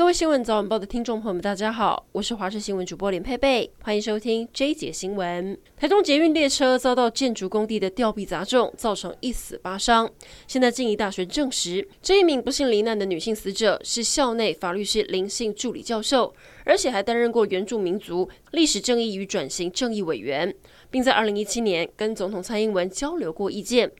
各位新聞早晚報的聽眾朋友們，大家好，我是華視新聞主播連珮貝，歡迎收聽 J 姐新聞。台中捷運列車遭到建築工地的吊臂砸中，造成一死八傷。現在靜宜大學證實，這一名不幸罹難的女性死者是校內法律系林姓助理教授，而且還擔任過原住民族歷史正義與轉型正義委員，並在二零一七年跟總統蔡英文交流過意見。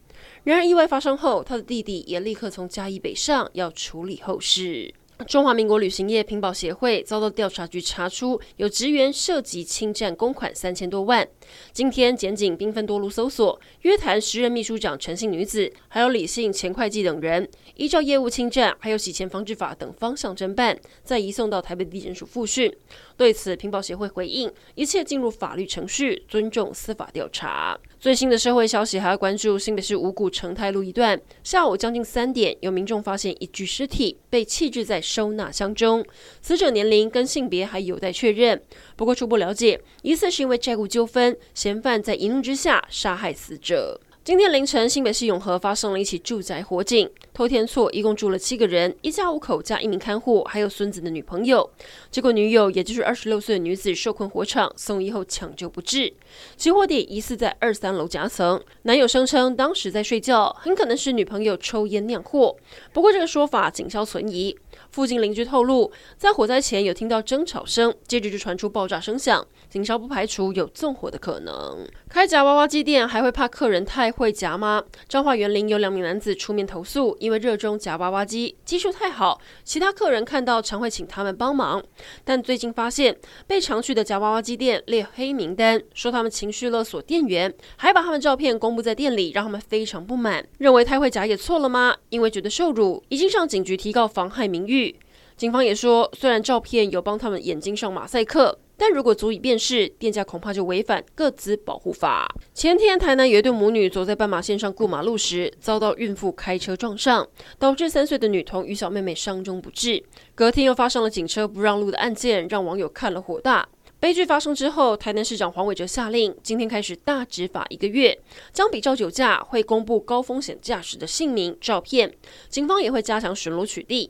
然而，意外發生後，他的弟弟也立刻從嘉義北上要處理後事。中華民國旅行業評保協會遭到調查局查出有職員涉及侵占公款三千多萬。今天檢警兵分多路搜索，約談時任秘書長陳姓女子，還有李姓前會計等人，依照業務侵占還有洗錢防治法等方向偵辦，再移送到台北地檢署複訊。對此評保協會回應：一切進入法律程序，尊重司法調查。最新的社會消息還要關注，新北市五股成泰路一段，下午將近三點，有民眾發現一具屍體被棄置在。收納箱中，死者年齡跟性別還有待確認。不過初步了解，疑似是因為債務糾紛，嫌犯在一怒之下殺害死者。今天凌晨，新北市永和發生了一起住宅火警。透天厝一共住了七個人，一家五口加一名看護，還有孫子的女朋友。結果，女友也就是二十六歲的女子受困火場，送醫後搶救不治。起火點疑似在二三樓夾層。男友聲稱當時在睡覺，很可能是女朋友抽煙釀禍。不過，這個說法警消存疑。附近鄰居透露，在火災前有聽到爭吵聲，接着就傳出爆炸聲響。警消不排除有縱火的可能。開夾娃娃機店還會怕客人太會會夾嗎？彰化員林有兩名男子出面投訴，因為熱衷夾娃娃機，技術太好，其他客人看到常會請他們幫忙。但最近發現被常去的夾娃娃機店列黑名單，說他們情緒勒索店員，還把他們照片公布在店裡，讓他們非常不滿，認為太會夾也錯了嗎？因為覺得受辱，已經向警局提告妨害名譽。警方也說，雖然照片有幫他們眼睛上馬賽克。但如果足以辨識，店家恐怕就違反個資保護法。前天台南有一對母女走在斑馬線上過馬路時，遭到孕婦開車撞上，導致三歲的女童與小妹妹傷重不治。隔天又發生了警車不讓路的案件，讓網友看了火大。悲劇發生之後，台南市長黃偉哲下令，今天開始大執法一個月，將比照酒駕，會公布高風險駕駛的姓名、照片。警方也會加強巡邏取締。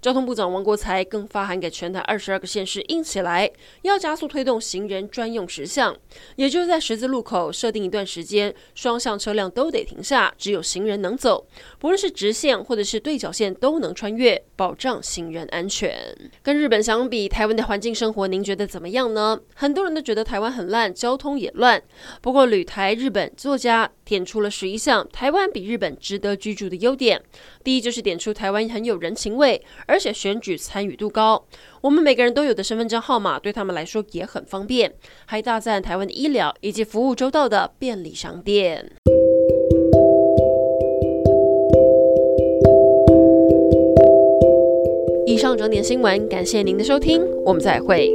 交通部長王國材更發函給全台二十二個縣市，硬起來，要加速推動行人專用時相，也就是在十字路口設定一段時間，雙向車輛都得停下，只有行人能走。不論是直線或者是對角線都能穿越，保障行人安全。跟日本相比，台灣的環境生活，您覺得怎麼樣呢？很多人都覺得台灣很爛，交通也亂。不過旅台日本作家點出了十一項台灣比日本值得居住的優點。第一就是點出台灣很有人情味。而且選舉參與度高，我們每個人都有的身份證號碼對他們來說也很方便，還大贊台灣的醫療以及服務周到的便利商店。以上整點新聞，感謝您的收聽，我們再會。